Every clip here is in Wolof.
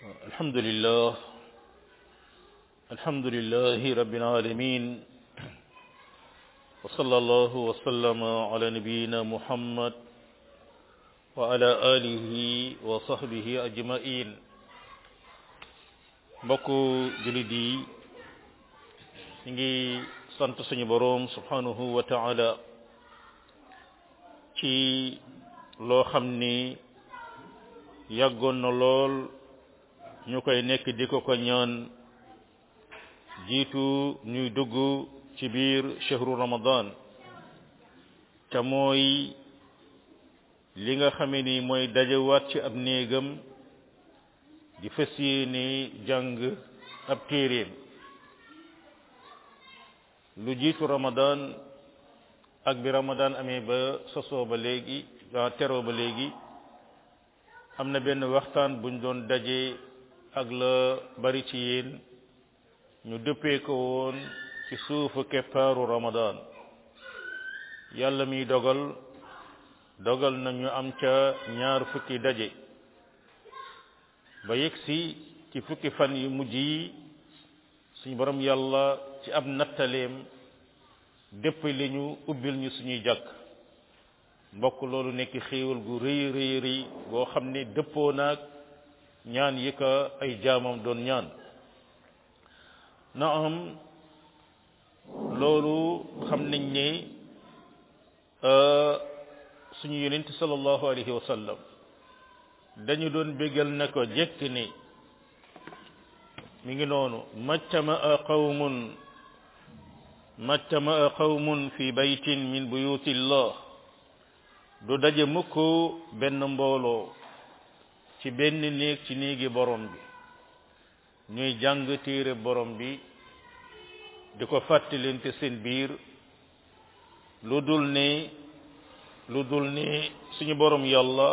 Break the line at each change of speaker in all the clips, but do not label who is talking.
الحمد لله الحمد لله رب العالمين وصلى الله وسلم على نبينا محمد وعلى آله وصحبه أجمعين بكو جلدي نجي سنت suñu سبحانه وتعالى كي لو خمني loo xam ñu koy nekk di ko ko ñaan jiitu ñuy dugg ci biir chehru ramadan te mooy li nga xame ni mooy dajewaat ci ab néegam di fas yéene jàng ab téeréem lu jiitu ramadan ak bi ramadan amee ba sosoo ba léegi teroo ba léegi am na benn waxtaan buñ doon daje ak la bari ci yéen ñu dëppee ko woon ci suufu keppaaru ramadan yàlla mi dogal dogal na ñu am ca ñaar fukki daje ba yegsi ci fukki fan yu mujj yi suñu boroom yàlla ci ab nattaleem dëpp li ñu ubbil ñu suñuy jàkk mbokk loolu nekk xéewal gu rëy rëy rëy goo xam ne dëppoo naag ñaan yi ko ay jaamam doon ñaan na am loolu xam nañ ne euh, suñu yonent sallallahu alayhi wa sallam dañu doon bégal ne ko jekk ni mi ngi noonu maccama a qawmun maccama fi baytin min buyuti Do du daje mukk benn ci benn néeg ci néegi borom bi ñuy jàng téere borom bi di ko fàttalante seen biir lu dul ni lu dul ni suñu borom yàlla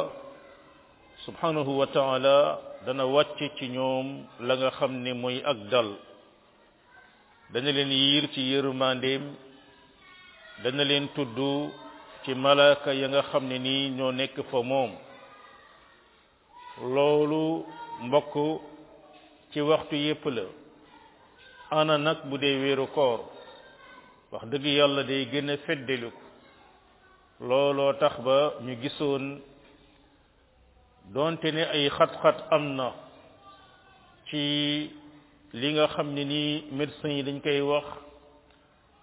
subhanahu wa taala dana wàcc ci ñoom la nga xam ni mooy ak dal dana leen yiir ci yërmandeem dana leen tudd ci malaaka ya nga xam ne nii ñoo nekk fa moom loolu mbokk ci waxtu yépp la ana nag bu dee wéeru koor wax dëgg yàlla day gën a feddaliku looloo tax ba ñu gisoon doonte ne ay xat-xat am na ci li nga xam ne nii médecins yi dañ koy wax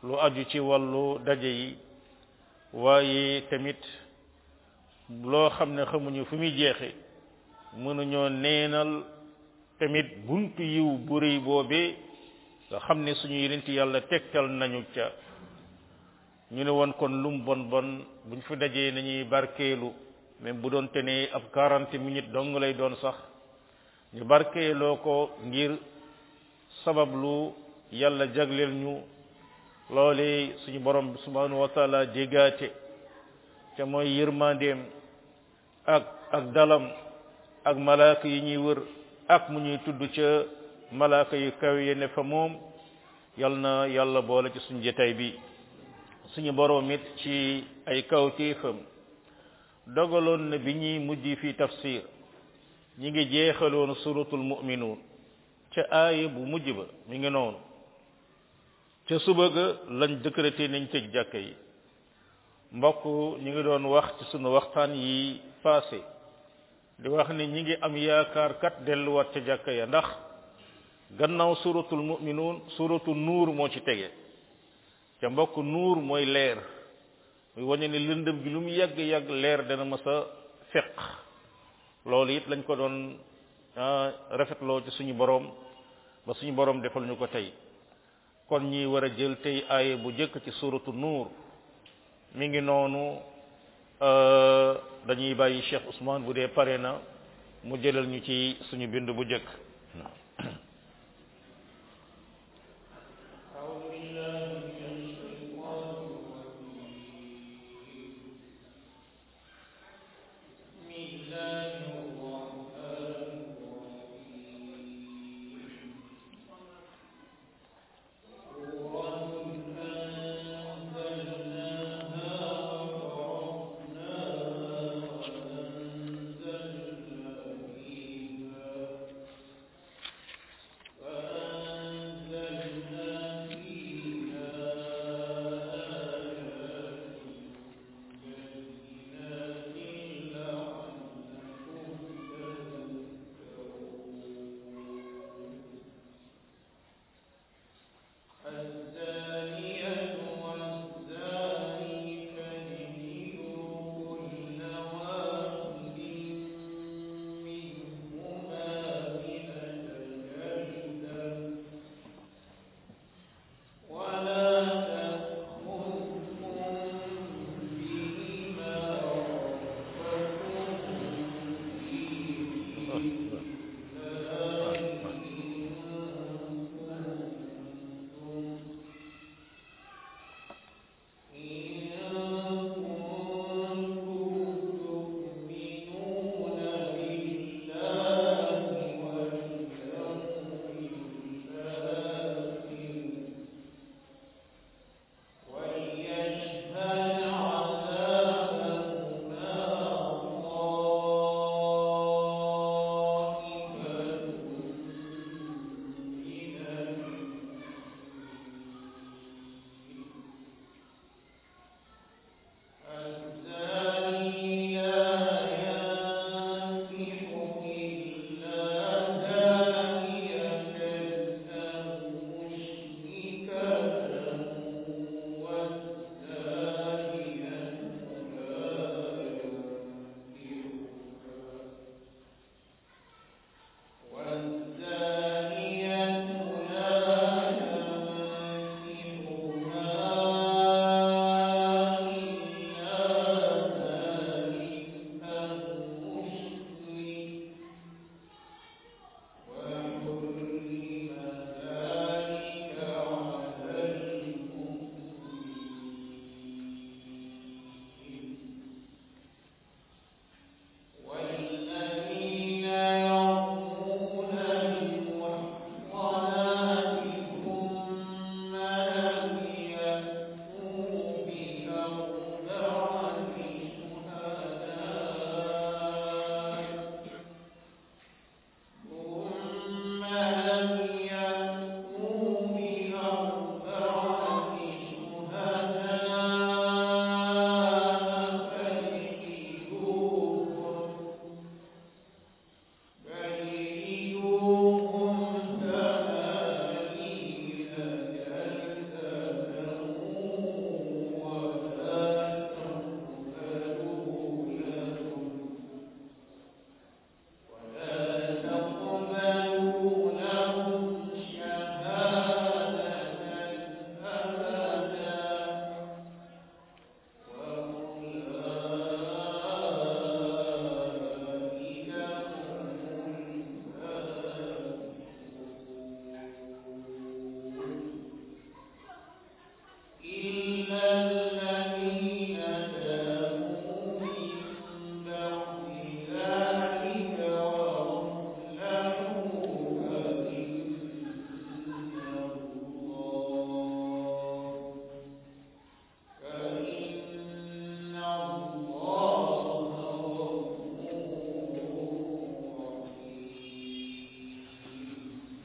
lu aju ci wàllu daje yi waaye tamit loo xam ne xamuñu fu muy jeexe mënuñoo neenal tamit buntu yiw bu rëy boobee nga xam ne suñu yonent yàlla tegtal nañu ca ñu ne woon kon lum bon bon buñ fi dajee nañuy barkeelu même bu doon te ne ab quarante minutes dong lay doon sax ñu barkeeloo ko ngir sabab lu yàlla jagleel ñu loolee suñu borom subhanahu wa taala jégaate ca mooy yërmandeem ak ak dalam ak malaaka yi ñuy wër ak mu ñuy tudd ca malaaka yu kaw yi ne fa moom yal na yàlla boole ci suñu jotaay bi suñu boroom it ci ay kaw téefam dogaloon na bi ñuy mujj fi tafsir ñi ngi jeexaloon suratul mu'minuun ca aaya bu mujj ba mu ngi noonu ca suba ga lañ décrété nañ tëj jàkka yi mbokk ñu ngi doon wax ci sunu waxtaan yi passé di wax ni ñi ngi am yaakaar kat delluwaat ca jàkka ya ndax gannaaw suuratul muminuun suratu nuur moo ci tege ca nuur mooy leer muy wane ni lëndëm gi lu mu yàgg yàgg leer dana mas a feq loolu it lañ ko doon ah, rafetloo ci suñu boroom ba suñu boroom defal ñu ko tey kon ñiy war a jël tey aaye bu jëkk ci suuratul nuur mi ngi noonu रजी भाई शेख उमान ॿुधे परे न मुंहिंजे लाइ सुञी भिंड मुजक न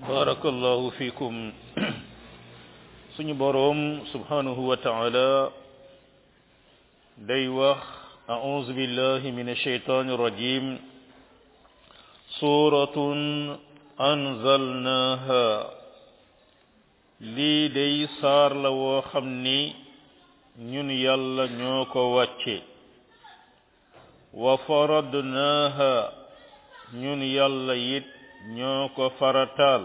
بارك الله فيكم سني بروم سبحانه وتعالى داي أعوذ بالله من الشيطان الرجيم سورة أنزلناها لي داي صار لو خمني نين يلا نيوكو واتشي وفرضناها نين يلا يت ñoo ko farataal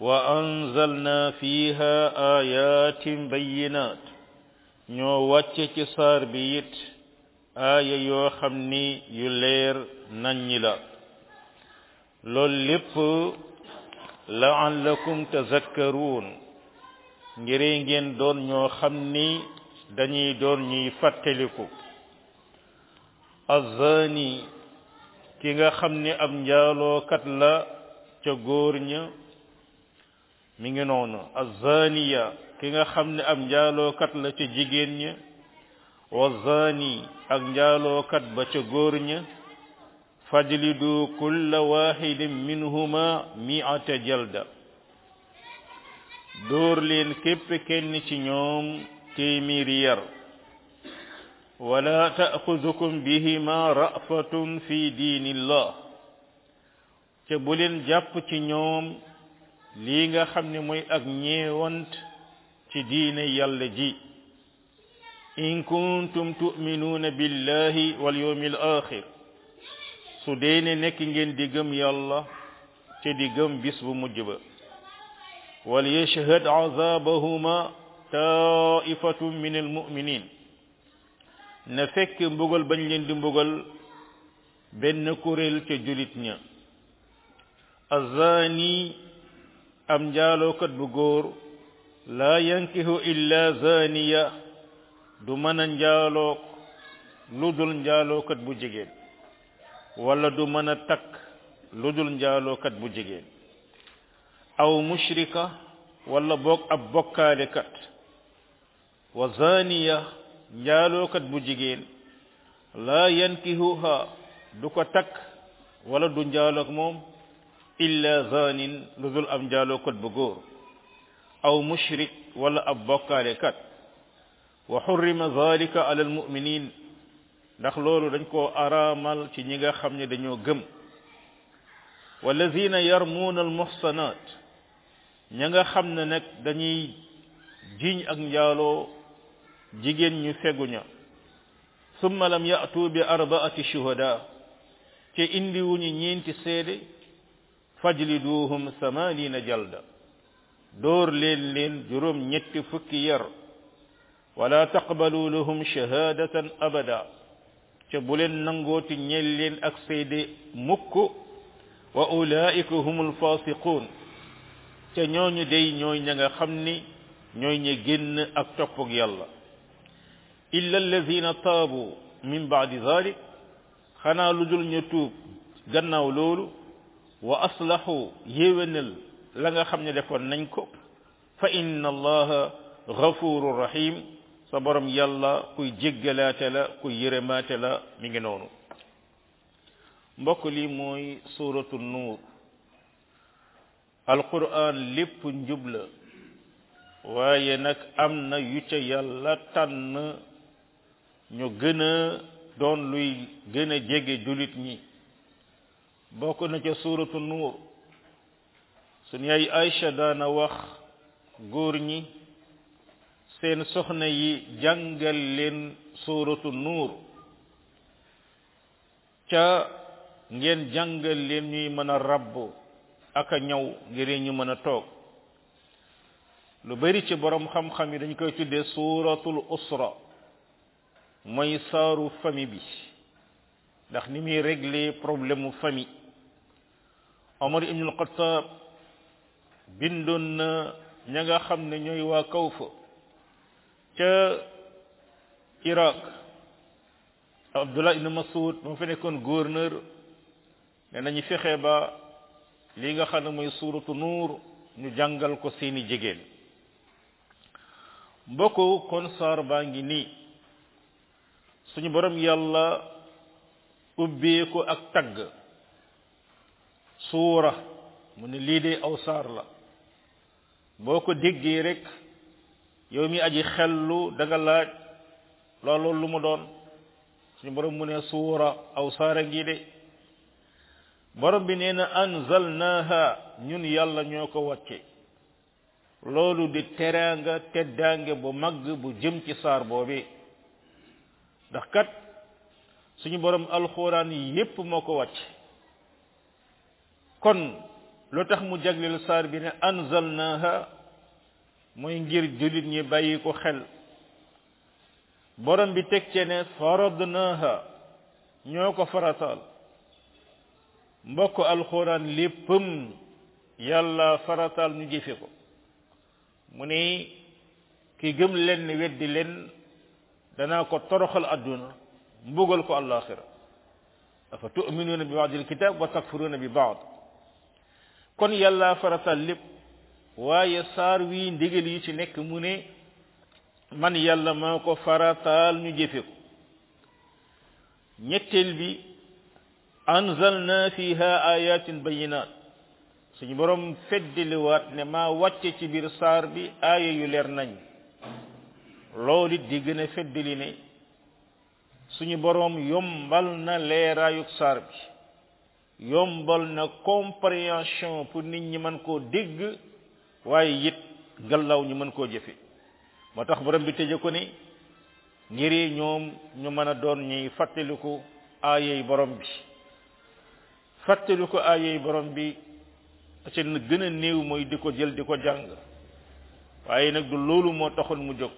wa anzalna fiha ayatin bayyinat ñoo wàcce ci saar bi it aaya yoo xam ni yu leer naññi la loolu lépp la'allakum tazakkaruun ngir ngeen doon ñoo xam ni dañuy doon ñuy fàttaliku الزاني ki nga xam ni ab njaalookat la ca góor ña mi ngi noonu azaniya ki nga xam ne ab njaalookat la ca jigéen ña wa ak njaalookat ba ca góor ña fajlidu kulla wahidin minhuma mi'ata jalda dóor leen képp kenn ci ñoom téeméeri yar ولا تأخذكم بهما رأفة في دين الله تبولين جاب تنيوم ليغا خمني موي أغني وانت تدين يالجي إن كنتم تؤمنون بالله واليوم الآخر سدين نكينجين ديغم يالا تديغم بسب مجب وليشهد عذابهما تائفة من المؤمنين na fekk mbugal bañ leen di mbugal benn kuréel ca julit ña azani am njaalookat bu góor laa yankihu illa zaniya du mën a njaaloo lu dul njaalookat bu jigéen wala du mën a takk lu dul njaalookat bu jigéen aw mushrika wala boog ab bokkaalekat wa zaniya njaalookat bu jigéen laa yankihuha du ko takk wala du njaaloog moom illa zanin lu dul ab njaalookat bu góor aw mushrik wala ab bokkaalekat wa xurrima zalika ala almuminin ndax loolu dañ koo araamal ci ñi nga xam ne dañoo gëm walladina yarmuuna almuxsanat ña nga xam ne nag dañuy jiñ ak njaaloo jigéen ñu fegu ña summa lam yatu bi arbaati shuhada ci indi wuñu ñeenti seede fajliduuhum samaniina jalda door leen leen juróom ñetti fukki yar wala taqbalu lahum shahadatan abada ca bu leen nangooti ñel leen ak seede mukk wa ulaika hum alfasiqun ca ñooñu day ñooy ña nga xam ni ñooy ña génn ak toppug yàlla illa allazina taabu min ba'di zalik xanaa lu dul ñu tuub gannaaw loolu wa aslahu yewenal la nga xam ne defoon nañ ko fa inna allaha ghafurur rahim sa borom yàlla kuy jéggalaate la kuy yërëmaate la mi ngi noonu mbokk li mooy suratu nuur alquran lépp njub la waaye nag am na yu ca yàlla tànn ñu gën a doon luy gën a jege jullit ñi bokk na ca suuratu nuur suñu yaay Aïcha daana wax góor ñi seen soxna yi jàngal leen suuratu nuur ca ngeen jàngal leen ñuy mën a rabb ak a ñaw ngir ñu mën a toog lu bari ci borom xam-xam yi dañ koy tuddee suuratul usra mooy saaru famille bi ndax ni muy régler problème mu famille Omar al-Khattab bindoon na ña nga xam ne ñooy waa Kawfa ca Irak Abdullah ibn Mas'ud moo fa nekkoon gouverneur ne nañu fexe ba li nga xam ne mooy suuratu nuur ñu jàngal ko seeni jigéen mbokk kon saar baa ngi nii suñu borom yàlla ubbeeku ak tagg suura mu ne lii de aw saar la boo ko déggee rek yow mi aji xellu danga laaj loolu lu mu doon suñu borom mu ne suura aw saara ngi de borom bi nee na anzalnaha ñun yàlla ñoo ko wàcce loolu di teraanga teddaange bu mag bu jëm ci saar boobee ndax kat suñu borom alxuraan yépp moo ko wàcc kon lu tax mu jagleel saar bi ne anzalnaha mooy ngir jullit ñi bàyyi ko xel borom bi teg cee ne faradnaha ñoo ko farataal mbokk alxuraan léppam yàlla farataal ñu jëfe ko mu ne ki gëm leen weddi leen dana ko toroxal aduna mbugal ko alakhirah afa tu'minuna bi ba'd alkitab wa takfuruna bi ba'd kon yalla farasal lepp waye sar wi ndigal yi ci nek mune man yalla mako faratal ñu jëfé ko ñettel bi anzalna fiha ayatin bayyinat suñu borom feddeli wat ne ma wacce ci bir sar bi aya yu leer nañu loolu it di gën a feddali ne suñu boroom yombal na leeraayug saar bi yombal na compréhension pour nit ñi mën koo dégg waaye it ngalaw ñu mën koo jëfe moo tax borom bi tëje ko ni ngir ñoom ñu mën a doon ñuy fàttaliku aayey borom bi fàttaliku aayey boroom bi ci gën a néew mooy di ko jël di ko jàng waaye nag du loolu moo taxoon mu jóg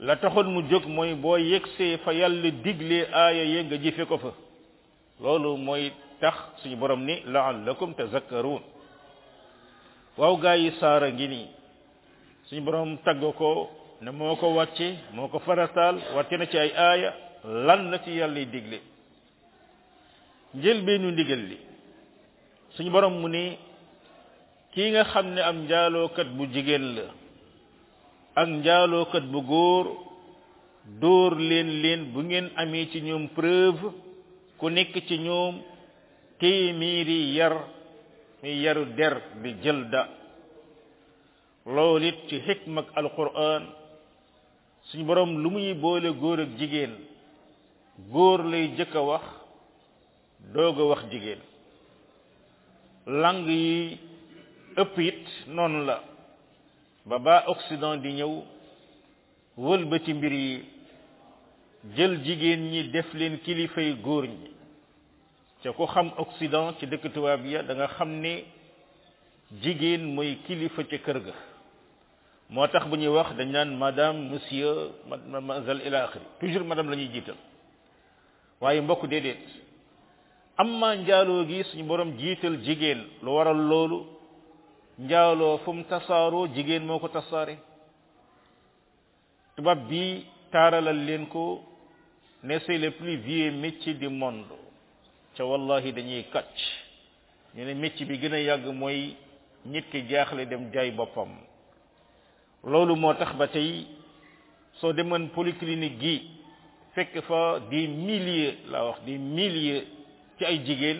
la taxoon mu jóg mooy boo yegsee fa yàlla digle aaya ye nga jëfe ko fa loolu mooy tax suñu borom ni la la laallakum tazakkaruun waw gaa yi saara ngi nii suñu borom tagg ko ne moo ko wàcce moo ko farataal wàcce na ci ay aaya lan la ci yàlla digle njël beenu ndigal li suñu borom mu ni kii nga xam ne am njaalookat bu jigéen la ak njaalookat bu góor dóor leen leen bu ngeen amee ci ñoom preuve ku nekk ci ñoom téeméeri yar yaru der bi jëlda loolu it ci xikma ak alquran suñu borom lu muy boole góor ak jigéen góor lay jëkk a wax doog a wax jigéen lang yi ëpp it noonu la ba baa Occident di ñëw wëlbati mbir yi jël jigéen ñi def leen kilifay góor ñi ca ku xam Occident ci dëkk tubaab ya da xam ni jigéen mooy kilifa ca kër ga moo tax bu ñuy wax dañ naan madame monsieur mademoiselle ila axiri toujours madame la jiital waaye mbokk déedéet am ma njaaloo gi suñu borom jiital jigéen lu waral loolu njaaloo fu mu tasaaroo jigéen moo ko tasaare tubaab bi taaralal leen ko ne c'est le plus vieux métier du monde ca wallahi dañuy kacc ñu ne métier bi gën a yàgg mooy nit ki jaaxle dem jaay boppam loolu moo tax ba tey soo demoon polyclinique gi fekk fa des milliers laa wax des milliers ci ay jigéen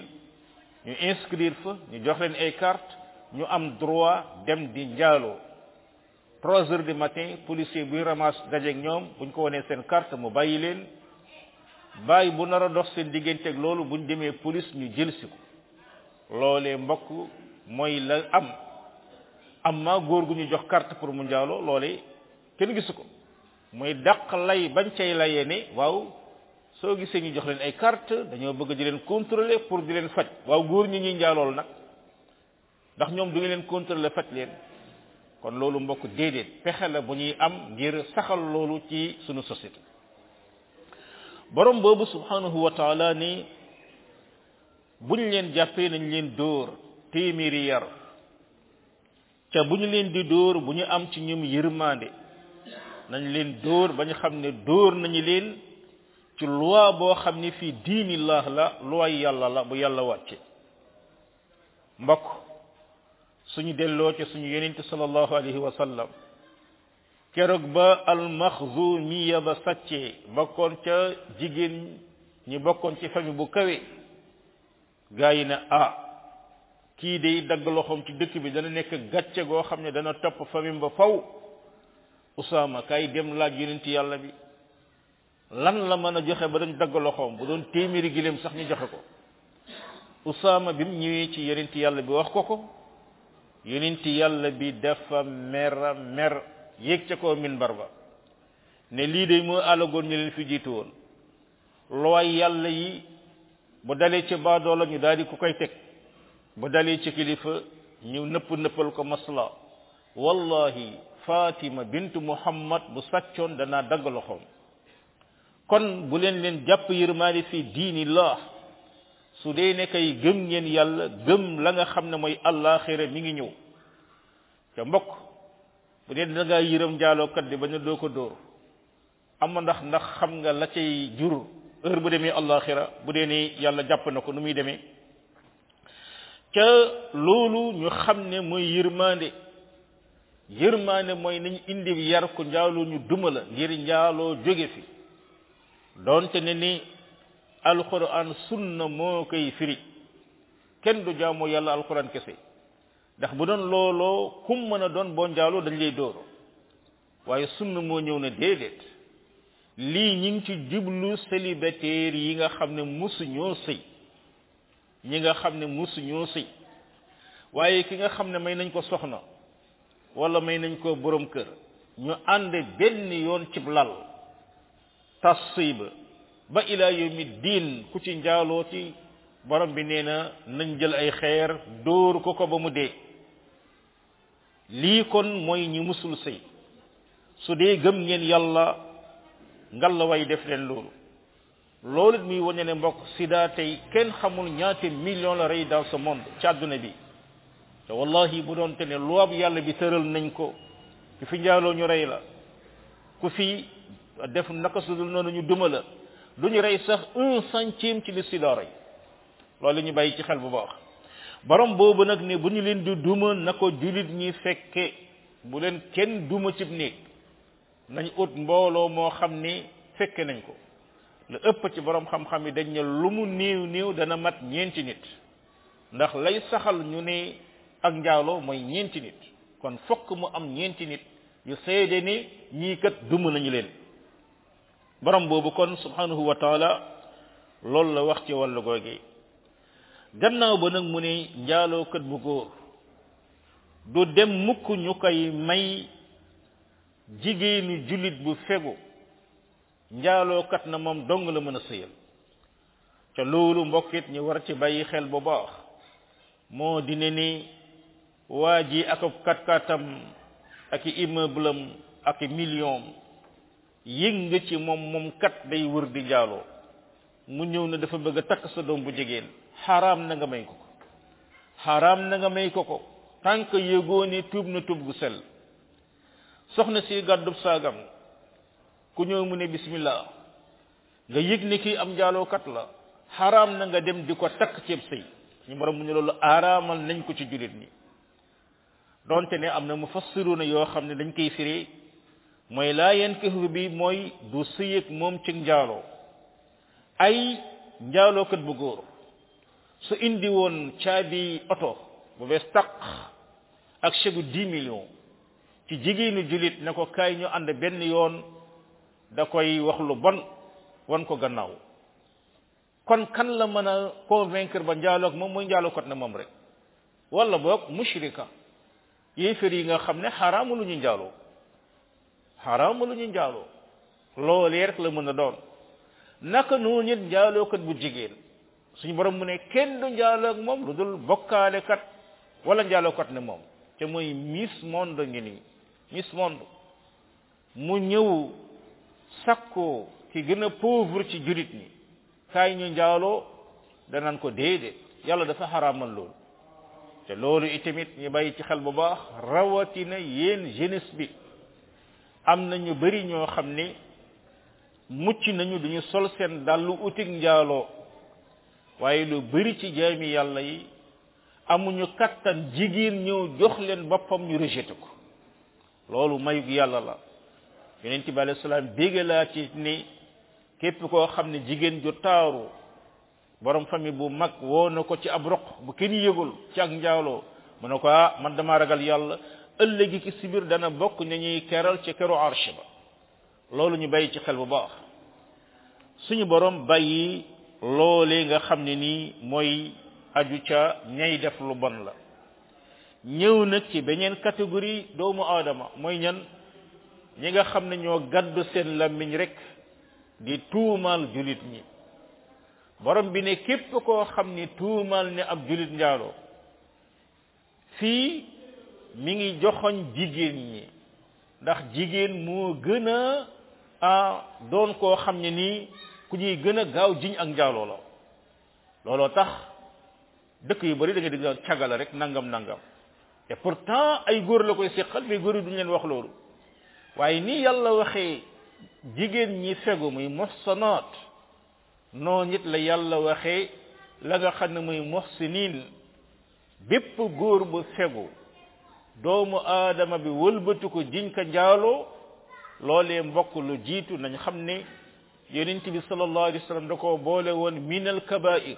ñu inscrire fa ñu jox leen ay carte ñu am droit dem di njaaloo trois heures de matin policier buy ramasse dajeeg ñoom buñ ko wanee seen carte mu bàyyi leen bàyyi bu nar a dox seen digganteeg loolu bu ñu demee police ñu jël si ko loolee mbokk mooy la am amma góor gu ñu jox carte pour mu njaaloo loole kenn gisu ko mooy daq lay bañ cay layee ne waaw soo gisee ñu jox leen ay carte dañoo bëgg di leen contrôler pour di leen faj waaw góor ñi ñuy njaalool nag ndax ñoom du ñu leen contrôler faj leen kon loolu mbokk déedéet pexe la bu ñuy am ngir saxal loolu ci sunu société borom boobu subhanahu wa taala ni buñ leen jàppee nañ leen dóor téeméeri yar ca bu ñu leen di dóor bu ñu am ci ñoom yërmande nañ leen dóor ba ñu xam ne dóor nañu leen ci loi boo xam ne fii diinillah la loi yàlla la bu yàlla wàcce mbokk suñu delloo ci suñu yonent sallallahu alayhi wa sallam keroog ba almaxzumiya ba sàccee bokkoon ca jigéen ñi bokkoon ci famille bu kawe gaa yi ne ah kii day dagg loxoom ci dëkk bi dana nekk gàcce goo xam ne dana topp famille ba faw Usaama kay dem laaj yonent yàlla bi lan la mën a joxe ba dañ dagg loxoom bu doon téeméeri gileem sax ñu joxe ko Usaama bi mu ñëwee ci yonent yàlla bi wax ko ko yonenti yàlla bi dafa mer mer yéeg ca kaw minbar ba ne lii de moo alagoon ñu leen fi jiitu woon looy yàlla yi bu dalee ci baadoola ñu daal di ku koy teg bu dalee ci kilifa ñu nëpp nëppal ko masla wallahi fatima bint muhammad bu sàccoon danaa dagg loxoom kon bu leen leen jàpp yërmaani fi diinillah su dee ne kay gëm ngeen yàlla gëm la nga xam ne mooy àllaaxira mi ngi ñëw te mbokk bu dee da ngaa yërëm njaalookat di ba a doo ko dóor am ndax ndax xam nga la cay jur heure bu demee àllaaxira bu dee ne yàlla jàpp na ko nu muy demee ca loolu ñu xam ne mooy yërmande yërmande mooy nañ indi yar ko njaaloo ñu duma la ngir njaaloo jóge fi doonte ne ni alquran sunna moo koy firi kenn du jaamu yàlla alquran kese ndax bu doon looloo kum mën a doon boo njaaloo dañ lay dóoro waaye sunna moo ñëw ne déedéet lii ñu ngi ci jublu célibataire yi nga xam ne musu ñoo sëy ñi nga xam ne musu ñoo sëy waaye ki nga xam ne may nañ ko soxna walla may nañ ko boroom kër ñu ànd benn yoon cib lal tas sëy ba ba ila yawmi diin ku ci njaaloo njaalooti borom bi nee na nañ jël ay xeer dóor ko ko ba mu dee lii kon mooy ñi mësul sëy su dee gëm ngeen yàlla ngal la way def leen loolu loolu muy wane ne mbokk sida tey kenn xamul ñaate million la rey dans ce monde ci àdduna bi te wallahi bu doon te ne loob yàlla bi tëral nañ ko ku fi njaaloo ñu rey la ku fi def naka sudul noonu ñu duma la lu ñu rey sax un centième ci li si loolu ñu bàyyi ci xel bu baax borom boobu nag ne bu ñu leen di duma na ko jullit ñi fekke bu leen kenn duma cib néeg nañ ut mbooloo moo xam ni fekke nañ ko lu ëpp ci borom xam-xam yi dañ ne lu mu néew néew dana mat ñeenti nit ndax lay saxal ñu ne ak njaaloo mooy ñeenti nit kon fokk mu am ñeenti nit yu seede ni ñii kat duma nañu leen borom boobu kon subhanahu wa taala loolu la wax ci wàllu googe gannaaw ba nag mu ne njaalookat bu góor du dem mukk ñu koy may jigéenu jullit bu fegu njaalookat na moom dong la mën a sëyal te loolu mbokkit ñu war ci bàyyi xel bu baax moo di ni waa ji ak ab kat-katam ak i million yëg nga ci moom moom kat day wër di jaaloo mu ñëw ne dafa bëgg a takk sa doom bu jigéen xaraam na nga may ko ko xaraam na nga may ko ko tànk yëgoo ne tuub na tuub gu sel soxna si gàddub saagam ku ñëw mu ne bismillah nga yëg ne kii am kat la xaraam na nga dem di ko takk ceeb sëy ñu borom mu ne loolu araamal nañ ko ci jullit ni donte ne am na na yoo xam ne dañ koy fire mooy laa yankihu bi mooy du sëy ak moom ci njaaloo ay njaalookat bu góor su indi woon caabi oto bu bees taq ak chegu dix millions ci jigéenu jullit ne ko kaay ñu ànd benn yoon da koy wax lu bon wan ko gannaaw kon kan la mën a convaincre ba njaaloog moom mooy njaalookat ne moom rek walla boog mushrika yéefér yi nga xam ne xaraamu lu ñu njaaloo xaraam lu ñu njaaloo loolee rek la mën a doon naka noonu it njaalookat bu jigéen suñu borom mu ne kenn du njaaloo moom lu dul bokkaalekat wala njaalookat ne moom te mooy Miss Monde ngi nii Miss Monde mu ñëw sakkoo ki gën a pauvre ci jurit ni kaay ñu njaaloo danaan ko déedéet yàlla dafa xaraamal loolu te loolu itamit ñu bay ci xel bu baax rawatina yéen jeunesse bi am nañu bari ñoo xam ne mucc nañu duñu sol seen dàllu utik njaaloo waaye lu bari ci jaami yàlla yi amuñu kattan jigéen ñëw jox leen boppam ñu rejeté ko loolu mayu yàlla la yeneen ci bàyyi salaam bégee ci ne képp koo xam ne ju taaru borom famille bu mak woo na ko ci ab roq bu kenn yëgul ci ak njaaloo mu ah, man dama ragal yàlla ëllëgi ki si biir dana bokk ñu ñuy keral ci keru arsh ba loolu ñu bàyyi ci xel bu baax suñu borom bàyyi loolee nga xam ne nii mooy aju ca ñay def lu bon la ñëw nag ci beneen catégorie doomu aadama mooy ñan ñi nga xam ne ñoo gàddu seen làmmiñ rek di tuumaal julit ñi borom bi ne képp koo xam ni tuumaal ne ab julit njaaloo fii mi ngi joxoñ jigéen ñi ndax jigéen moo gën a a doon koo xam ne nii ku ñuy gën a gaaw jiñ ak njaaloo la looloo tax dëkk yu bari da nga digg cagala rek nangam nangam te pourtant ay góor la koy séqal mais góor yi duñ leen wax loolu waaye nii yàlla waxee jigéen ñi fegu muy muhsanaat noo nit la yàlla waxee la nga xam ne muy muhsinin bépp góor bu fegu doomu aadama bi wëlbatu ko jiñ ko njaaloo loolee mbokk lu jiitu nañ xam ne yonent bi sallallahu alayhi wa sallam da boole woon minal kabair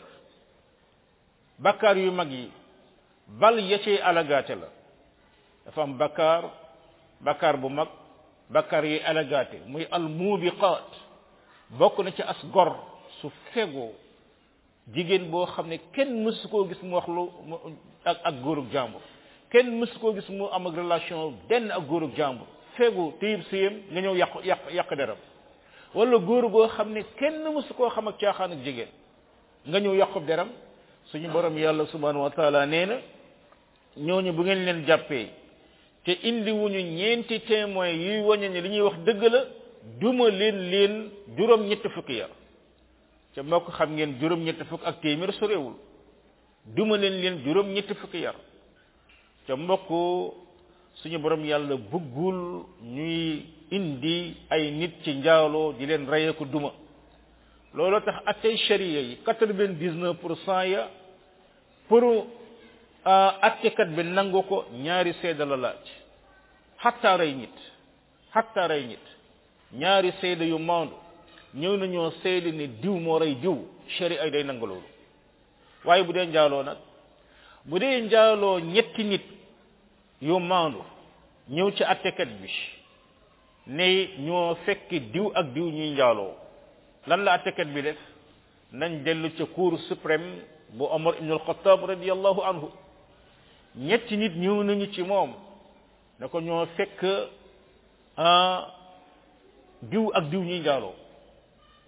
bakkaar yu mag yi bal ya cay alagaate la dafa am bakkaar bakkaar bu mag bakkaar yi alagaate muy al muubiqaat bokk na ci as gor su fegoo jigéen boo xam ne kenn mësu koo gis mu wax lu ak ak góorug kenn mësu koo gis mu am ak relation denn ak góor ak jàmbur feegu teyib sëyam nga ñëw yàq yàq yàq deram walla góor goo xam ne kenn mësu koo xam ak caaxaan ak jigéen nga ñëw yàqu deram suñu borom yàlla subhanahu wa taala nee na ñooñu bu ngeen leen jàppee te indiwuñu wuñu ñeenti témoin yuy waññe ne li ñuy wax dëgg la duma leen leen juróom ñetti fukki yar ca moo ko xam ngeen juróom ñetti fukk ak téeméer sorewul duma leen leen juróom ñetti fukki yar te mbokk suñu boroom yàlla bëggul ñuy indi ay nit ci njaaloo di leen rayee ko duma looloo tax attey sharia yi quatre-vingt-dix-neuf pour cent ya pour euh, attekat bi nangu ko ñaari seede la laaj xatta nit xatta nit ñaari seede yu maandu ñëw nañoo seede ne diw moo rey diw sharia yi day nangu loolu waaye bu dee njaaloo nag bu dee njaaloo ñetti nit yu maandu ñëw ci attekat bi ne ñoo fekk diw ak diw ñuy njaaloo lan la attekat bi def nañ dellu ci cour suprême bu Omar ibn al-Khattab anhu ñetti nit ñëw nañu ci moom ne ko ñoo fekk ah, diw ak diw ñuy njaaloo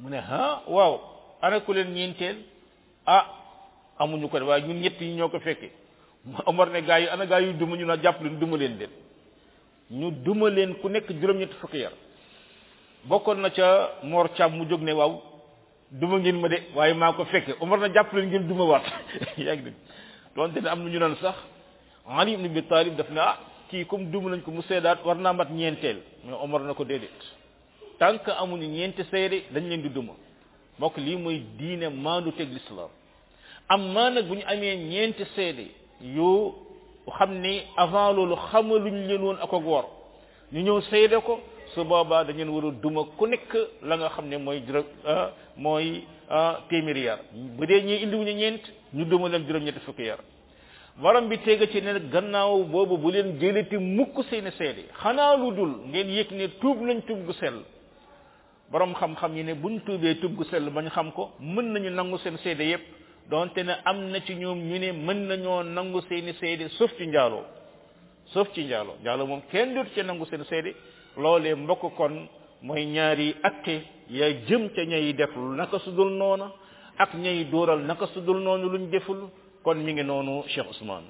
mu ne ah waaw ana ku leen ñeenteel a ah, amuñu ko de waaye ñun ñett yi ñoo ko fekkee Omar ne gaa yi ana gaa yu duma ñu na jàpp leen duma leen leen ñu duma leen ku nekk juróom-ñetti fukki yar bokkoon na ca moor Thiam mu jóg ne waaw duma ngeen ma de waaye maa ko fekke Omar na jàpp leen ngeen duma waat yaa ngi dégg doonte am na ñu naan sax Ali ibn Abi Talib ah, kii comme duma nañ ko mu seedaat war naa mat ñeenteel mais Omar na ko déedéet tant que amuñu ñeenti seede dañ leen di duma mbokk lii mooy diine maandu teg l'islam am maa nag bu ñu amee ñeenti seede yu xam ni avant loolu xamaluñ leen woon a ak woor ñu ñëw seede ko su boobaa dañu war a duma ku nekk la nga xam ne mooy juróom ah, mooy ah, téeméeri yar bu dee ñii indiwu ñu ñeent ñu duma leen juróom-ñetti fukki yar waram bi teega ci ne gannaaw boobu bu leen jëlati mukk seeni seede xanaa lu dul ngeen yëg ne tuub nañ tuub gu sell borom xam-xam yi ne buñ tuubee tuub gu sell bañ xam ko mën nañu nangu seen seede yépp donte ne am na ci ñoom ñu ne mën nañoo nangu seeni seede sauf ci njaaloo sauf ci njaaloo njaaloo moom kenn dootu ci nangu seen seede loolee mbokk kon mooy ñaari atte ya jëm ca ñay def lu naka su dul noona ak ñay dóoral naka su dul noonu luñ deful kon mi ngi noonu Cheikh Ousmane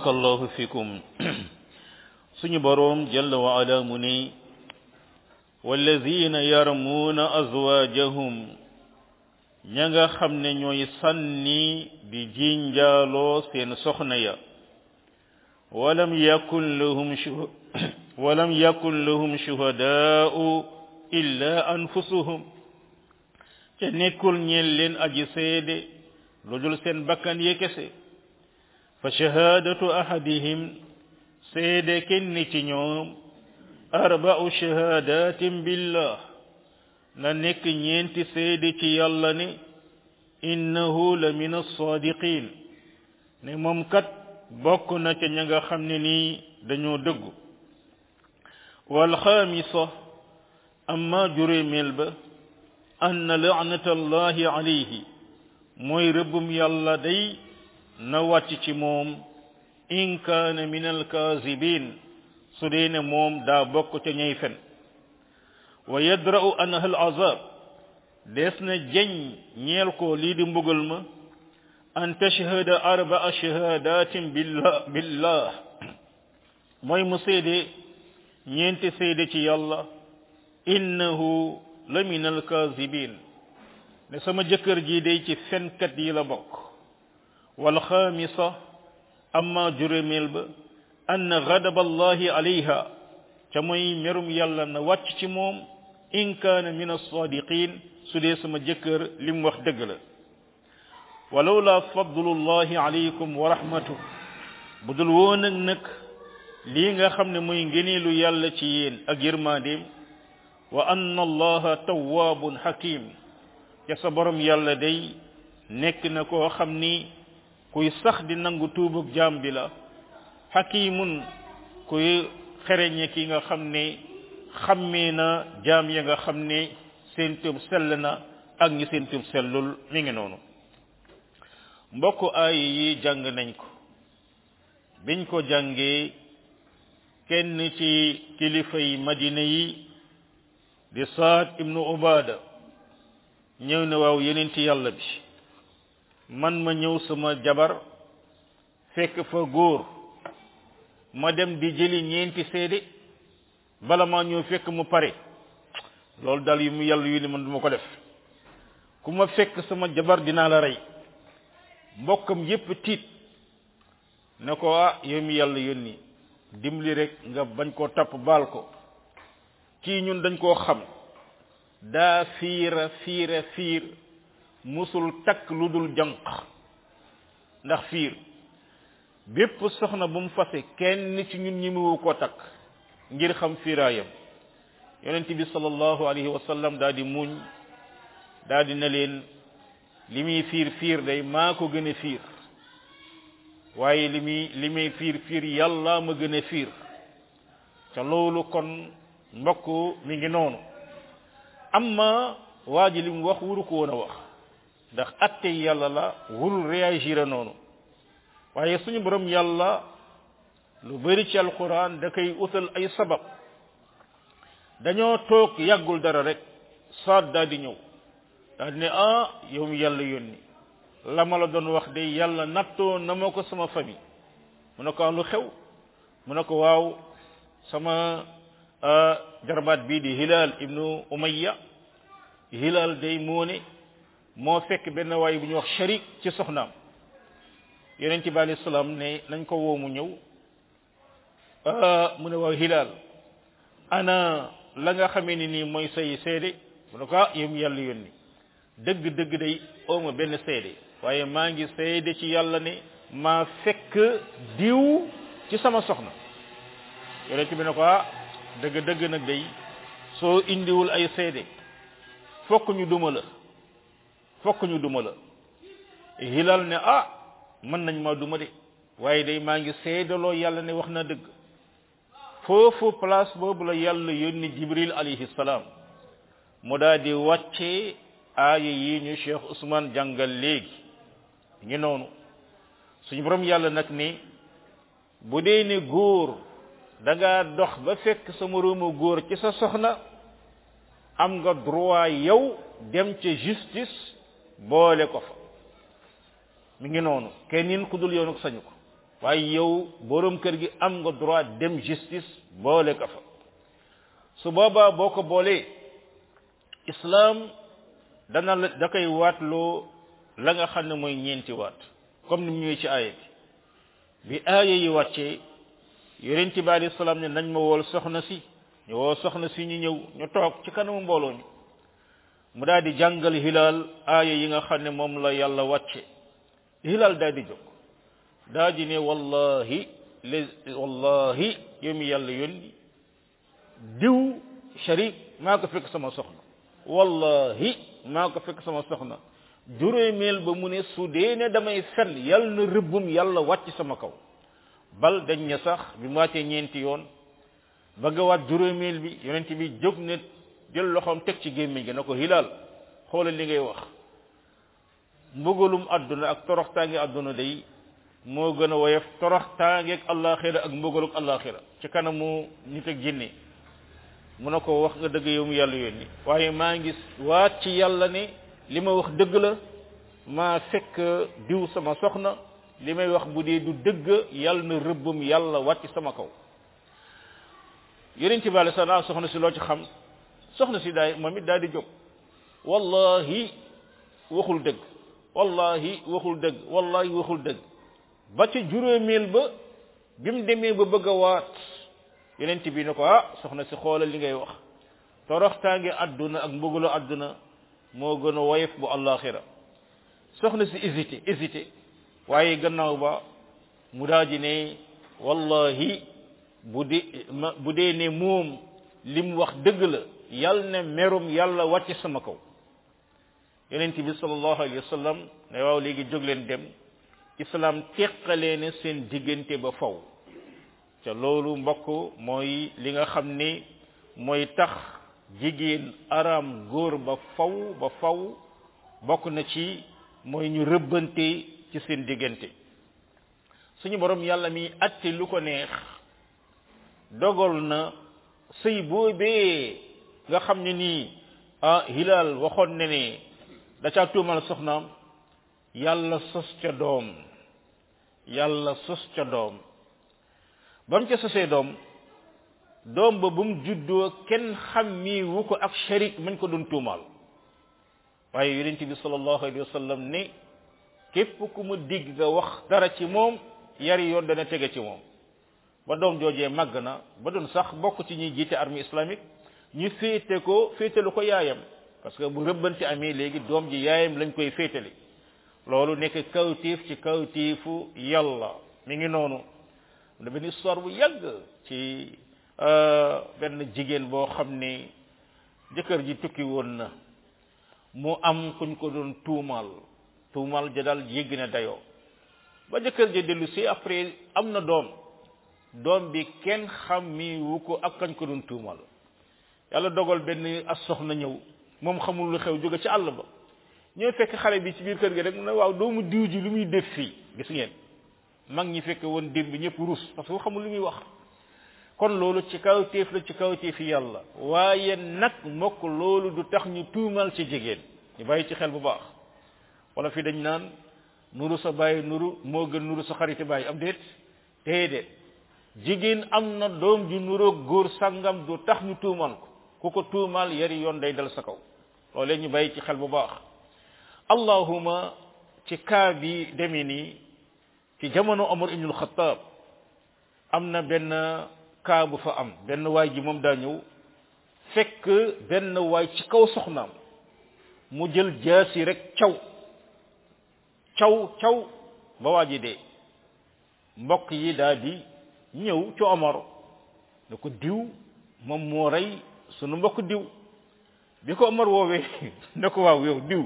بارك الله فيكم سني بروم جل وعلا مني والذين يرمون أزواجهم نيغا نعم، خمني نوي سني دي جنجالو سين سخنيا ولم يكن لهم شهداء ولم يكن لهم شهداء إلا أنفسهم نيكول يعني نيل لين أجي سيدي لوجل سين بكان يكسي فشهادة أحدهم سيدك النتنيوم أربع شهادات بالله لنك نينت سيدك يلني إنه لمن الصادقين نممكت بكنا كنجا خمني دنيو دقو والخامسة أما جري ملب أن لعنة الله عليه موي ربم يلا دي na wàcc ci moom in kaana min alkazibin su dee ne moom daa bokk ca ñay fen wa yadra'u anha alazab des na jeñ ñeel ko lii di mbugal ma an tashhada arba'a shahadatin billah billah mooy mu seede ñeenti seede ci yàlla innahu la min alkazibin ne sama jëkkër ji day ci fenkat yi la bokk والخامسة أما جرم الب أن غضب الله عليها تموي مرم يلا نواتشموم إن كان من الصادقين سديس مجكر لم ولولا فضل الله عليكم ورحمته بدل وننك ليغا خمني موي لو يالا تيين اغير ماديم وان الله تواب حكيم يا صبرم يالا دي نك نكو خمني kuy sax di nangu tuubug jaam bi la xakimun kuy xereñe ki nga xam ne xammee na jaam ya nga xam ne seen tuub sell na ak ñi seen tuub sellul mi ngi noonu mbokk aay yi jàng nañ ko biñ ko jàngee kenn ci kilifa yi madina yi di saad ibnu ubada ñëw ne waaw yeneen ci yàlla bi man ma ñëw sama jabar fekk fa góor ma dem di jëli ñeenti seede bala maa ñëw fekk mu pare loolu daal yi mu yàlla yu ni man duma ko def ku ma fekk sama jabar dinaa la rey mbokkam yépp tiit ne ko ah yow mi yàlla yónni dimbali rek nga bañ koo tapp baal ko kii ñun dañ koo xam daa fiira fiira fiir musul takk lu dul jànq ndax fiir bépp soxna bu mu fase kenn ci ñun ñi ko takk ngir xam fiiraayam yonent bi sallallahu alayhi wa daa di muñ daa di ne li muy fiir fiir day maa ko gën fiir waaye li muy li muy fiir fiir yàlla ma gën fiir ca loolu kon mbokk mi ngi noonu amma waa ji li mu wax wuru ko a wax ndax atte yàlla la wurul réagir noonu waaye suñu borom yàlla lu bari ci alquran da koy utal ay sabab dañoo toog yàggul dara rek saat daal di ñëw daal ne ah yow mi yàlla yónni la ma la doon wax de yàlla nattoo na ma ko sama famille mu ne ko ah, lu xew mu ne ko waaw sama ah, jarbaat bii di hilal ibnu umayya hilal day moo ne moo fekk benn waay bu ñuy wax sharik ci soxnaam ci bi alayhi salaam ne nañ ko woo mu ñëw ah, mu ne waaw hilaal ana la nga xamee ni nii mooy say seede mu ne ah, yàlla yónni dëgg dëgg day ooma benn seede waaye maa ngi seede ci yàlla ne maa fekk ci sama soxna yonent bi ne ko ah dëgg dëgg nag day soo indiwul ay seede fokk ñu duma la fokk ñu duma la Hilal ne ah mën nañ maa duma de waaye day maa ngi seedaloo yàlla ne wax na dëgg foofu place boobu la yàlla yónni Jibril alayhi salaam mu daal di wàccee aaya yi ñu Cheikh Ousmane jàngal léegi ngi noonu suñu boroom yàlla nag ni bu dee ne góor da dox ba fekk sa moroomu góor ci sa soxna am nga droit yow dem ca justice boole ko fa mi ngi noonu kennin ku dul yow sañu ko waaye yow borom kër gi am nga droit dem justice boole ko fa su boobaa boo ko boolee islaam dana la da koy waatloo la nga xam ne mooy ñeenti waat comme ni mu ñëwee ci aaya bi bi aaya yi wàccee yonent bi alayhi salaam ne nañ ma wool soxna si ñu woo soxna si ñu ñëw ñu toog ci kanamu mbooloo mi mu daal di jàngal Hilaal aaya yi nga xam ne moom la yàlla wàcce Hilaal daal di jóg daal di ne wallahi wallahi yow mi yàlla yónni diw sharik maa ko fekk sama soxna wallahi maa ko fekk sama soxna juróomeel ba mu ne su dee ne damay fen yàlla na rëbbum yàlla wàcc sama kaw bal da ne sax bi mu wàccee ñeenti yoon bëgg a waat juróomeel bi yonent bi jóg jël loxoom teg ci gémmiñ gi na ko hilaal xoolal li ngay wax mbugalum àdduna ak toroxtaange àdduna day moo gën a woyof toroxtaangeeg àllaaxira ak mbugaluk àllaaxira ci kanamu nit ak jinne mu ne ko wax nga dëgg yow mu yàlla yónni waaye maa ngi waat ci yàlla ne li ma wax dëgg la maa fekk diw sama soxna li may wax bu dee du dëgg yàlla na rëbbam yàlla wàcc sama kaw yeneen ci bale sa naa soxna si loo ci xam soxna si daay moom it daal di jóg wallahi waxul dëgg wallahi waxul dëgg wallahi waxul ba ci juróomeel ba bi mu ba bëgg a waat yeneen bi ne ko ah soxna si xoolal li ngay wax toroxtaange àdduna ak mbugalu àdduna moo gën a woyof bu àllaaxira soxna si hésité hésité waaye gannaaw ba mu daa ji wallahi bu dee bu dee moom li wax dëgg la yal ne merum yàlla wàcc sama kaw yonent bi sallallahu alayhi wa sallam ne waaw léegi jóg leen dem islam teqalee ne seen diggante ba faw ca loolu mbokk mooy li nga xam ni mooy tax jigéen araam góor ba faw ba faw bokk na ci mooy ñu rëbbante ci seen diggante suñu boroom yàlla mi àtte lu ko neex dogal na sëy boobee nga xam ne nii ah Hilaal waxoon ne ne da caa tuumal soxnaam yàlla sos ca doom yàlla sos ca doom ba mu ca sosee doom doom ba bu mu juddoo kenn xam mii wu ko ak sharik mañ ko doon tuumaal waaye yonent bi sallallahu alayhi wa sallam ne képp ku ma digg nga wax dara ci moom yari yoon dana tege ci moom ba doom joojee màgg na ba doon sax bokk ci ñuy jiite armée islamique ñu féete ko féetalu ko yaayam parce que bu rëbbanti amee léegi doom ji yaayam lañ koy féetali loolu nekk kawtiif ci kawtiifu yàlla mi ngi noonu da benn histoire bu yàgg ci euh, benn jigéen boo xam ni jëkkër ji tukki woon na mu am kuñ ko doon tuumaal tuumaal ja daal yégg na dayoo ba jëkkër ji dellu si après am na doom doom bi kenn xam mi wu ko ak kañ ko doon tuumaal yàlla dogal benn as soxna ñëw moom xamul lu xew jóge ci àll ba ñoo fekk xale bi ci biir kër gi rek mu na waaw doomu diw ji lu muy def fii gis ngeen mag ñi fekk woon démb bi ñëpp ruus parce que xamul lu muy wax kon loolu ci kaw téef la ci kaw téefi yàlla waaye nag mbokk loolu du tax ñu tuumal ci jigéen ñu bàyyi ci xel bu baax wala fi dañ naan nuru sa bàyyi nuru moo gën nuru sa xariti bàyyi am déet tey de jigéen am na doom ju nuroog góor sàngam du tax ñu tuumal ku ko tuumaal yari yoon day dal sa kaw loolee ñu bàyyi ci xel bu baax allahuma ci kaa bi nii ci jamono Omar ibnul Xattaab am na benn kaa fa am benn waay ji moom daa ñëw fekk benn waay ci kaw soxnaam mu jël jaasi rekk caw caw caw ba waa ji dee mbokk yi daal di ñëw ci Omar ne ko diw moom moo rey sunu mbokk diw bi ko Omar woowee ne ko waaw yow diw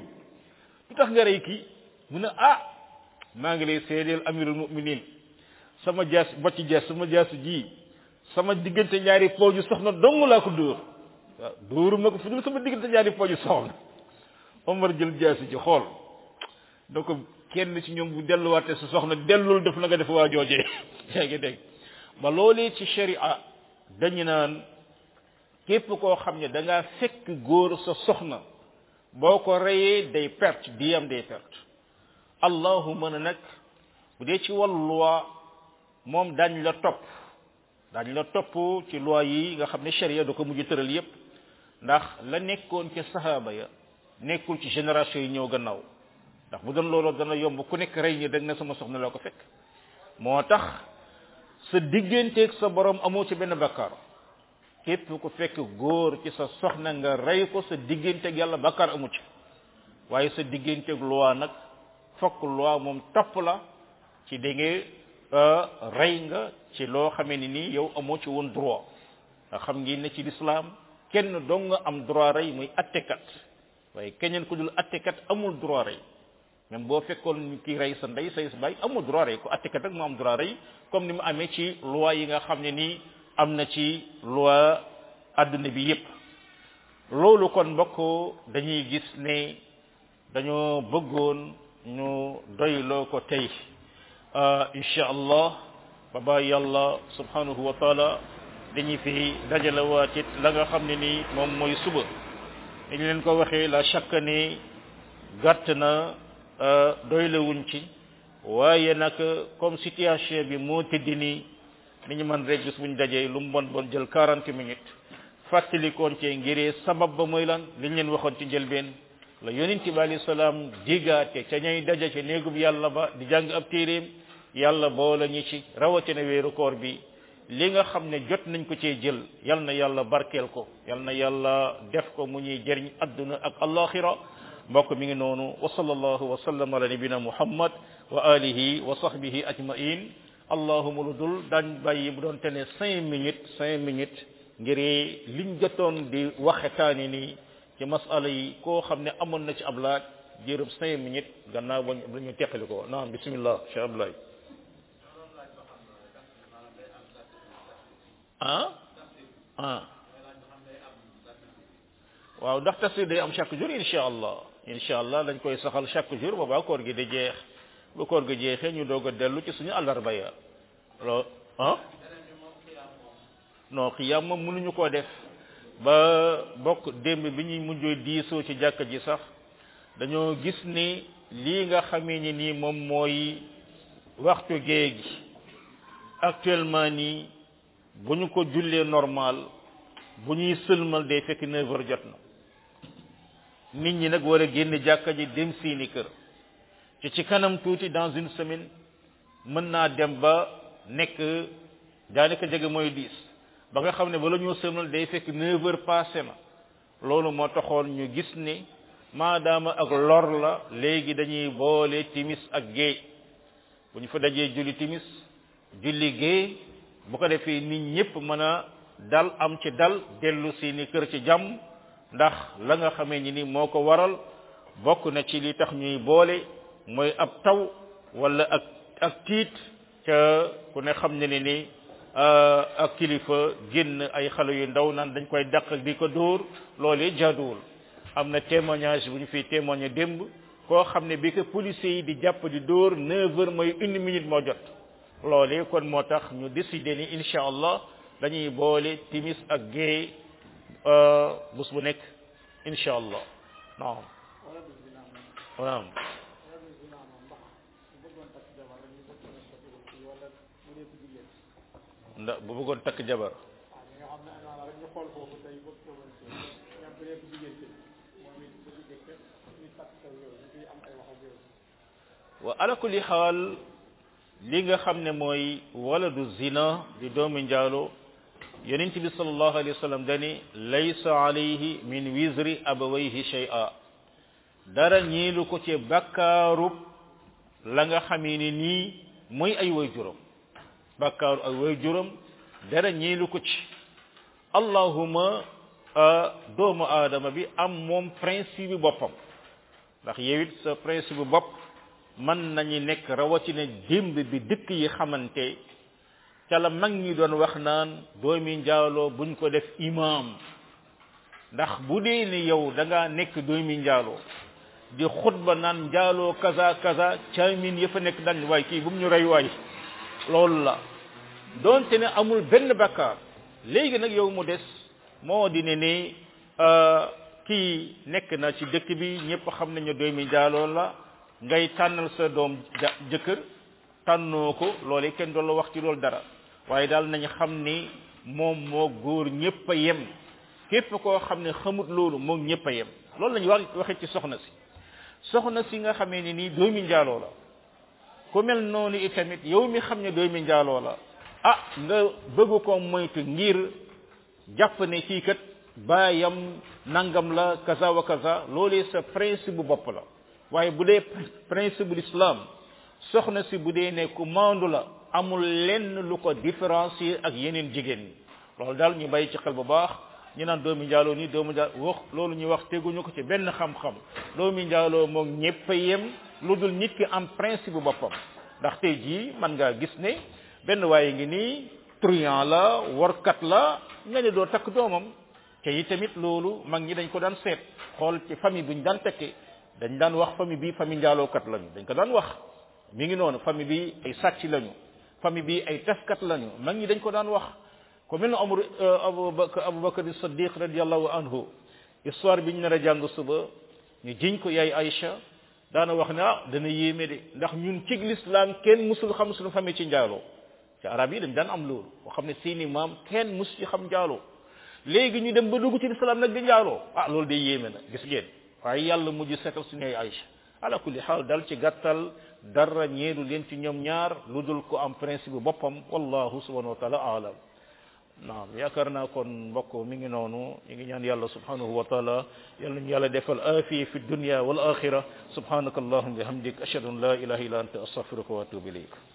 lu tax nga rey kii mu na ah maa ngi lay seedeel amirul mu'minin sama jaas bocc jaas sama jaasu ji sama diggante ñaari pooju soxna dong laa ko dóor waaw dóoruma ko fu dul sama diggante ñaari pooju soxna Omar jël jaasi ji xool ne ko kenn ci ñoom bu delluwaatee sa soxna dellul def na nga def waa joojee yaa ngi dégg ba loolee ci sharia dañu naan képp koo xam ne danga ngaa fekk góor sa soxna boo ko reyee day perte diyam day perte allahuma na nag bu dee ci wàllu loi moom daañu la topp daañu la topp ci loi yi nga xam ne charia da ko mujj tëral yépp ndax la nekkoon ca sahaaba ya nekkul ci génération yi ñëw gannaaw ndax bu doon looloo dana yomb ku nekk rey ñi dag na sama soxna la ko fekk moo tax sa digganteeg sa borom amoo ci benn bakkaar képp ku fekk góor ci sa soxna nga rey ko sa diggante ak yàlla bakkaar amu ci waaye sa diggante ak loi nag fokk loi moom topp la ci da nga rey nga ci loo xamee ni nii yow amoo ci woon droit nga xam ngeen ne ci lislaam kenn dong nga am droit rey muy attekat waaye keneen ku dul attekat amul droit rey même boo fekkoon ñu ki rey sa ndey say sa amul droit rey ko attekat rek mu am droit rey comme ni mu amee ci loi yi nga xam ne am na ci loi adduna bi yépp loolu kon mbokk dañuy gis ne dañoo bëggoon ñu doyloo ko tey euh, incha allah baba yàlla subhanahu wa taala dañuy fi dajalawaatit la nga xam ne ni moom mooy suba dañ leen ko waxee la chaque ne gàtt na euh, wuñ ci waaye nag comme situation bi moo tëdd nii ni ñu man rek gis buñ dajé lu mbon bon jël 40 minutes fatali ko ci ngiré sabab ba moy lan li ñen waxon ci jël ben la yonnati bali sallam diga te ca ñay dajé ci négu yalla ba di jang ab tirim yalla bo la ñi ci rawati na wéru koor bi li nga xamné jot nañ ko ci jël yalla na yalla barkel ko yalla na yalla def ko mu ñi jërñ aduna ak al-akhirah mbokk mi ngi nonu wa sallallahu wa sallam ala nabina muhammad wa alihi wa sahbihi ajma'in allahuma lu dul dañ bàyyi bu doon te ne cinq minutes cinq minutes ngir liñ jotoon di waxetaani nii ci masala yi koo xam ne amoon na ci ab laaj diirub cinq minutes gannaaw bañ la ñu teqali ko naam bismillah cheikh abdoulaye ah, ah. waaw ndax tafsir day am chaque jour insha allah insha allah dañ koy saxal chaque jour boobaa koor gi di jeex bu koor ga jeexee ñu doog a dellu ci suñu àllarba ya loo ah non mënuñu koo def ba bokk démb bi ñuy mujjee diisoo ci jàkk ji sax dañoo gis ni lii nga xamee ni nii moom mooy waxtu gée gi actuellement nii bu ñu ko jullee normal bu ñuy sëlmal day fekk neuf jot na nit ñi nag war a génn jàkka ji dem seeni kër te ci kanam tuuti dans une semaine mën naa dem ba nekk daanaka jege mooy dix ba nga xam ne bala ñoo sëmal day fekk neuf heures na loolu moo taxoon ñu gis ni maadaama ak lor la léegi dañuy boole timis ak géey bu ñu fa dajee julli timis julli géey bu ko defee nit ñëpp mën a dal am ci dal dellu si ni kër ci jàmm ndax la nga xamee ni ni moo ko waral bokk na ci li tax ñuy boole moy ab taw wala ak ak tit ca ku ne xam ne ni euh ak kilifa génn ay xale yu ndaw nan dañ koy dakk di ko dóor loolee jaaduwul am témoignage buñ fi témoigner démb ko xamne bi ke police yi di jàpp di dóor 9 h moy 1 minute mo jot lolé kon motax ñu décider ni inshallah dañuy bolé timis ak euh bus bu nekk incha allah naam naam ndax bu bëggoon takk jabar wa ala kulli xaal li nga xam ne mooy waladu zina di doomi njaalo yonent bi sallallahu alayhi wa sallam dani laysa alayhi min wisri abawayhi shay'a dara ñiilu ko ci bakkaaru la nga xamee ni nii mooy ay way juróom bakkaaru ak way juróom dara ñiilu ko ci allahuma doomu aadama bi am moom principe bi boppam ndax yow it sa principe bu bopp mën nañu nekk rawatina démb bi dëkk yi xamante ca la mag ñi doon wax naan doomi njaaloo buñ ko def imaam ndax bu dee ne yow danga ngaa nekk doomi njaaloo di xutba naan njaaloo kaza kaza caamin ya fa nekk dañ waay kii bu mu ñu rey waay loolu la doonte ne amul benn bakkaar léegi nag yow mu des moo di ne ni euh, kii nekk na ci dëkk bi ñëpp xam nañu doomi jaaloon la ngay tànnal sa doom jëkkër tànnoo ko loolu kenn doon la wax ci loolu dara waaye daal nañu xam ni moom moo góor ñëpp a yem képp koo xam ne xamut loolu moom ñëpp a yem loolu nañu wax waxee ci soxna si soxna si nga xamee ni nii doomi njaaloo la ku mel noonu itamit yow mi xam ne doomi njaaloo la ah nga bëgg ko moytu ngir jàpp ne kii kat baayam nangam la kaza wa kaza loolee sa principe bu bopp la waaye bu dee principe bu l'islam soxna si bu dee ne ku maandu la amul lenn lu ko différencier ak yeneen jigéen ñi loolu daal ñu bàyyi ci xel bu baax ñu naan doomi njaaloo nii doomu njaaloo wax loolu ñuy wax teguñu ko ci benn xam-xam doomi njaaloo moom ñëpp yem lu dul nit ki am principe bu boppam ndaxte jii man ngaa gis ne benn waaye ngi nii truand la workat la nga ne doo takk doomam te tamit loolu mag ñi dañ ko daan seet xool ci famille bu ñu daan tekke dañ daan wax famille bi famille njaalookat lañu dañ ko daan wax mi ngi noonu famille bi ay sàcc lañu famille bi ay tafkat lañu mag ñi dañ ko daan wax ku mel ne Omar euh, Abu Bakr Siddiq radiyallahu anhu histoire bi ñu nar a jàng suba ñu jiñ ko yaay Aïcha daana wax ne ah dana yéeme de ndax ñun ci lislaam kenn musul xam suñu famille ci njaaloo ci arab yi dañ daan am loolu boo xam ne seeni maam kenn mus xam njaaloo léegi ñu dem ba dugg ci lislaam nag di njaaloo ah loolu de yéeme na gis ngeen waaye yàlla mujj setal suñu ay Aïcha ala kulli xaal dal ci gàttal dara ñeeru leen ci ñoom ñaar lu dul ko am principe boppam wallahu subhanahu wa taala alam نعم يكرنا كن بكو ميغي نونو ميغي نان سبحانه وتعالى يالله ني يالله ديفال افي في الدنيا والاخره سبحانك اللهم وبحمدك اشهد ان لا اله الا انت استغفرك واتوب اليك